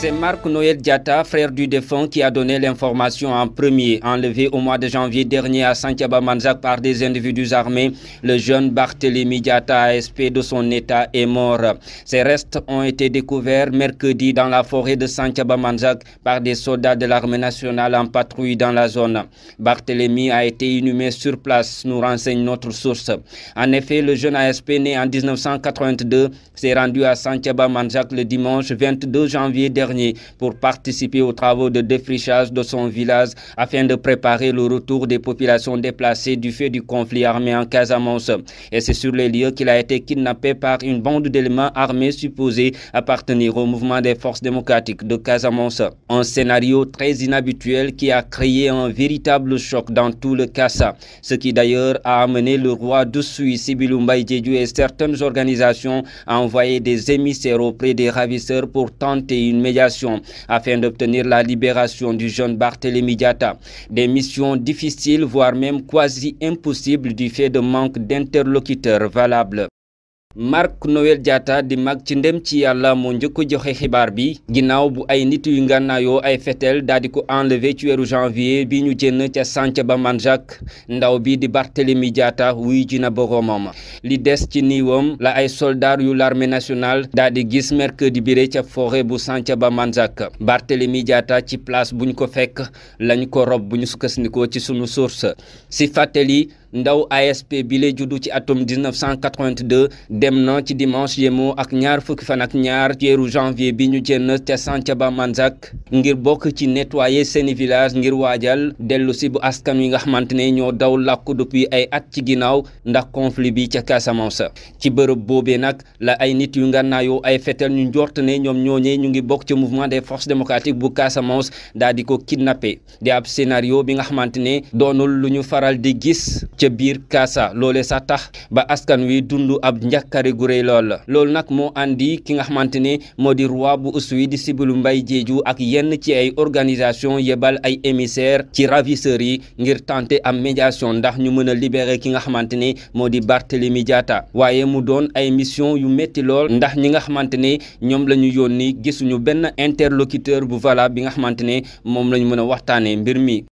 C'est Marc Noël Diatta, frère du défunt, qui a donné l'information en premier. Enlevé au mois de janvier dernier à Santiaba Manzac par des individus armés, le jeune Barthélémy Diatta, ASP de son état, est mort. Ses restes ont été découverts mercredi dans la forêt de Santiaba Manzac par des soldats de l'armée nationale en patrouille dans la zone. Barthélémy a été inhumé sur place, nous renseigne notre source. En effet, le jeune ASP né en 1982 s'est rendu à Santiaba Manzac le dimanche 22 janvier dernier pour participer aux travaux de défrichage de son village afin de préparer le retour des populations déplacées du fait du conflit armé en Casamance. Et c'est sur les lieux qu'il a été kidnappé par une bande d'éléments armés supposés appartenir au mouvement des forces démocratiques de Casamance. Un scénario très inhabituel qui a créé un véritable choc dans tout le Casa. ce qui d'ailleurs a amené le roi de Suisse, et certaines organisations à envoyer des émissaires auprès des ravisseurs pour tenter une meilleure afin d'obtenir la libération du jeune Barthélémy Diata. Des missions difficiles, voire même quasi impossibles du fait de manque d'interlocuteurs valables. Marc Noël Diatta di mag ci ndem ci yàlla moo njëkk joxe xibaar bi ginnaaw bu ay nit yu ngànnaayoo ay feteel daal di ko enlever ci weeru janvier bi ñu jënn ca sànc ba Manjak ndaw bi di Barthélemy Diatta wuy ji na boroomam li des ci niiwam la ay soldat yu l'armée nationale daal di gis mercredi bire ca forêt bu sànc ba Manjak Barthélemy Diatta ci place buñ ko fekk lañ ko rob bu ñu sukkandikoo ci sunu source si fàttali ndaw ASP bi lay juddu ci atum 1982 dem na ci dimanche yémo ak ñaar fukki fan ak ñaar weeru janvier bi ñu génn ca ba mansak ngir bokk ci nettoyer seeni village ngir waajal dellu si bu askan wi nga xamante ne ñoo daw làkku depuis ay at ci ginnaaw ndax conflit bi ca Casamance ci bërëb boobee nag la ay nit yu ngànnaayoo ay fetel ñu njort ne ñoom ñooñee ñu ngi bokk ca mouvement des forces démocratiques bu Casamance daal di ko kidnappé di ab scénario bi nga xamante ne doonul lu ñu faral di gis ca biir Kaasa loole sax tax ba askan wi dund ab njàkkare gu rëy lool loolu nag moo indi ki nga xamante ne moo di roi bu Oussouye di Sibylle mbay Diédhiou ak yenn ci ay organisation yebal ay émissaires ci ravisseurs yi ngir tenter am médiation ndax ñu mën a libérer ki nga xamante ne moo di Barthélémy Diatta waaye mu doon ay mission yu métti lool ndax ñi nga xamante ne ñoom la yoon ni gisuñu benn interlocuteur bu vala bi nga xamante ne moom la ñu mën a waxtaanee mbir mi.